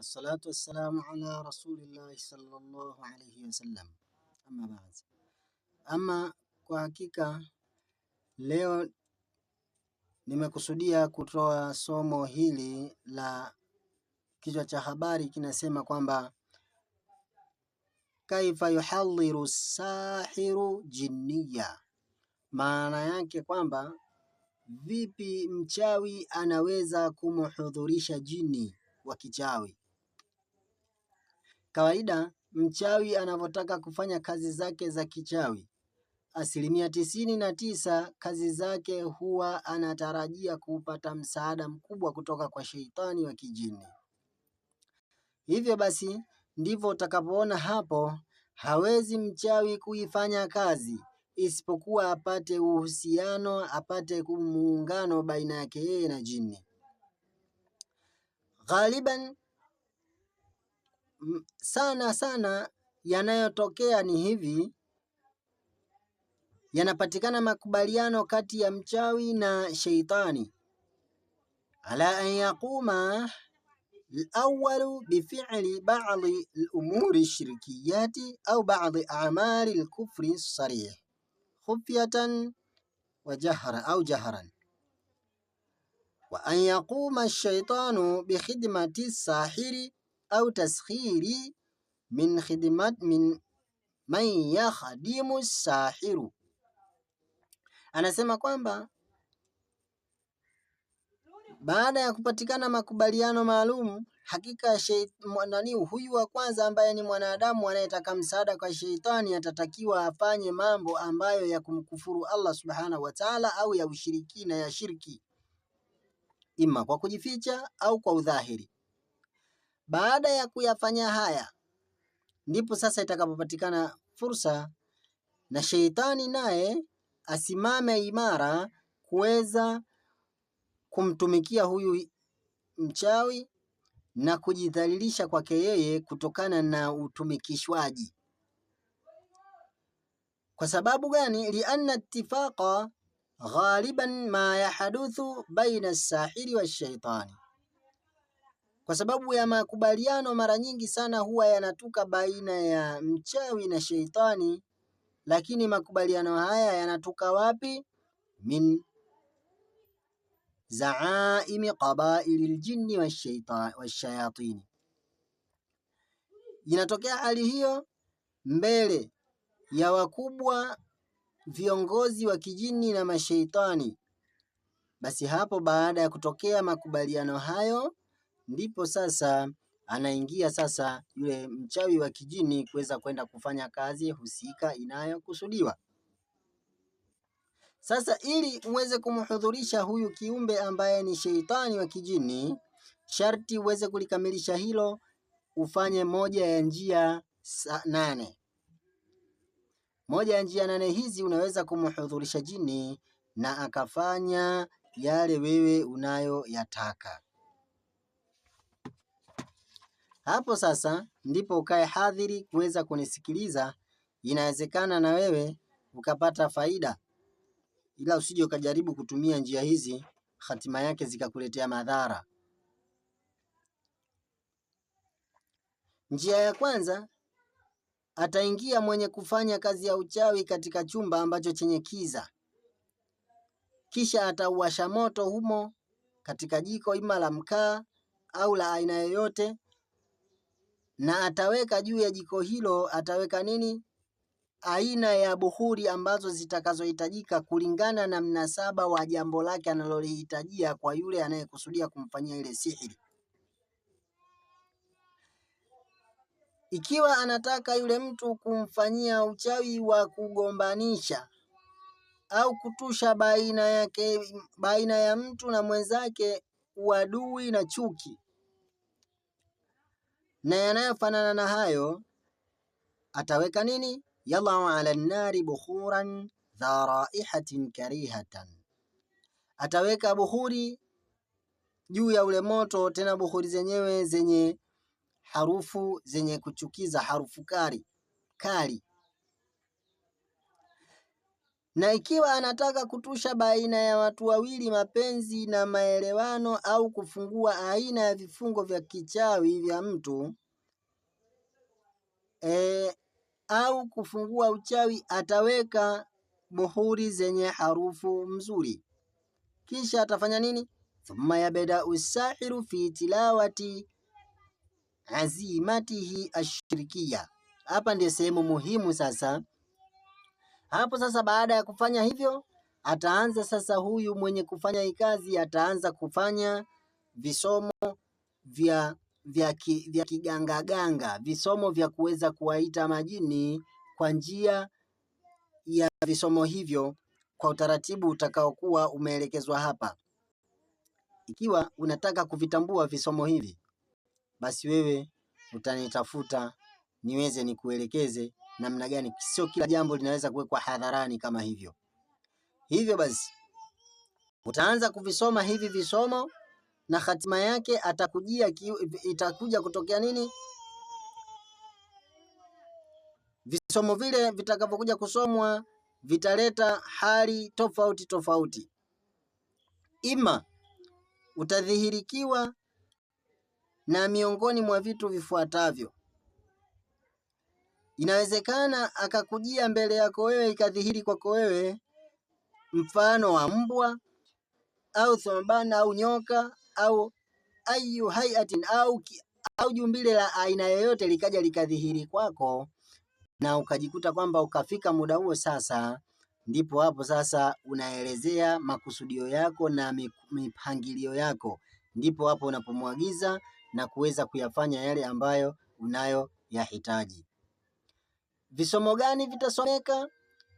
Assalatu wassalamu ala rasulillahi sallallahu alayhi wasallam. Ama baad, ama kwa hakika leo nimekusudia kutoa somo hili la kichwa cha habari kinasema kwamba kaifa yuhadhiru sahiru jinniya, maana yake kwamba vipi mchawi anaweza kumhudhurisha jini wa kichawi. Kawaida mchawi anavyotaka kufanya kazi zake za kichawi, asilimia tisini na tisa kazi zake huwa anatarajia kupata msaada mkubwa kutoka kwa sheitani wa kijini. Hivyo basi ndivyo utakapoona hapo, hawezi mchawi kuifanya kazi isipokuwa apate uhusiano, apate muungano baina yake yeye na jini. Ghaliban sana sana yanayotokea ni hivi: yanapatikana makubaliano kati ya mchawi na sheitani ala an yaquma alawalu bifili badi lumuri lshirkiyati au badi amali lkufri sarih khufyatan wa jahra au jahran wa an yaquma lshaitanu bikhidmati sahiri au taskhiri min khidmat min man yakhdimu sahiru. Anasema kwamba baada ya kupatikana makubaliano maalum, hakika nani huyu wa kwanza ambaye ni mwanadamu anayetaka msaada kwa sheitani atatakiwa afanye mambo ambayo ya kumkufuru Allah subhanahu wa ta'ala, au ya ushirikina ya shirki, ima kwa kujificha au kwa udhahiri. Baada ya kuyafanya haya, ndipo sasa itakapopatikana fursa na sheitani naye asimame imara kuweza kumtumikia huyu mchawi na kujidhalilisha kwake yeye kutokana na utumikishwaji. Kwa sababu gani? lianna ittifaqa ghaliban ma yahduthu baina wa shaitani kwa sababu ya makubaliano mara nyingi sana huwa yanatuka baina ya mchawi na sheitani, lakini makubaliano haya yanatuka wapi? Min zaaimi qabaili ljinni washayatini, inatokea hali hiyo mbele ya wakubwa viongozi wa kijini na masheitani. Basi hapo baada ya kutokea makubaliano hayo ndipo sasa anaingia sasa yule mchawi wa kijini kuweza kwenda kufanya kazi husika inayokusudiwa. Sasa ili uweze kumhudhurisha huyu kiumbe ambaye ni sheitani wa kijini, sharti uweze kulikamilisha hilo, ufanye moja ya njia nane. Moja ya njia nane hizi unaweza kumhudhurisha jini na akafanya yale wewe unayoyataka. Hapo sasa ndipo ukae hadhiri kuweza kunisikiliza. Inawezekana na wewe ukapata faida, ila usije ukajaribu kutumia njia hizi, hatima yake zikakuletea madhara. Njia ya kwanza, ataingia mwenye kufanya kazi ya uchawi katika chumba ambacho chenye kiza, kisha atauwasha moto humo katika jiko ima la mkaa au la aina yoyote na ataweka juu ya jiko hilo, ataweka nini? Aina ya buhuri ambazo zitakazohitajika kulingana na mnasaba wa jambo lake analolihitajia kwa yule anayekusudia kumfanyia ile sihiri. Ikiwa anataka yule mtu kumfanyia uchawi wa kugombanisha au kutusha baina yake, baina ya mtu na mwenzake uadui na chuki na yanayofanana na hayo ataweka nini? yalau ala nnari bukhuran dha raihatin karihatan, ataweka bukhuri juu ya ule moto, tena bukhuri zenyewe zenye harufu zenye kuchukiza, harufu kali kali na ikiwa anataka kutusha baina ya watu wawili mapenzi na maelewano au kufungua aina ya vifungo vya kichawi vya mtu e, au kufungua uchawi ataweka muhuri zenye harufu mzuri. Kisha atafanya nini? Thumma yabda usahiru fi tilawati azimatihi ashirikia. Hapa ndio sehemu muhimu sasa hapo sasa, baada ya kufanya hivyo, ataanza sasa, huyu mwenye kufanya hii kazi ataanza kufanya visomo vya vya, ki, vya kigangaganga, visomo vya kuweza kuwaita majini kwa njia ya visomo hivyo kwa utaratibu utakaokuwa umeelekezwa hapa. Ikiwa unataka kuvitambua visomo hivi, basi wewe utanitafuta niweze nikuelekeze namna gani. Sio kila jambo linaweza kuwekwa hadharani kama hivyo. Hivyo basi utaanza kuvisoma hivi visomo na hatima yake atakujia itakuja kutokea nini? Visomo vile vitakavyokuja kusomwa vitaleta hali tofauti tofauti. Ima utadhihirikiwa na miongoni mwa vitu vifuatavyo: Inawezekana akakujia mbele yako wewe, ikadhihiri kwako wewe mfano wa mbwa au thomabana au nyoka au ayu hayatin au, au jumbile la aina yoyote likaja likadhihiri kwako, na ukajikuta kwamba ukafika muda huo sasa ndipo hapo sasa unaelezea makusudio yako na mipangilio yako, ndipo hapo unapomwagiza na kuweza kuyafanya yale ambayo unayoyahitaji visomo gani vitasomeka,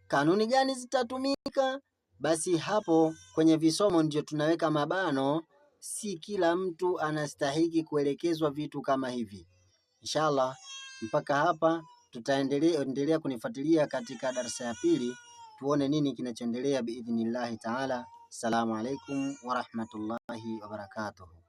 kanuni gani zitatumika. Basi hapo kwenye visomo ndio tunaweka mabano. Si kila mtu anastahiki kuelekezwa vitu kama hivi. Inshallah, mpaka hapa tutaendelea endelea kunifuatilia katika darasa ya pili, tuone nini kinachoendelea biidhnillahi taala. Assalamu alaikum warahmatullahi wabarakatuhu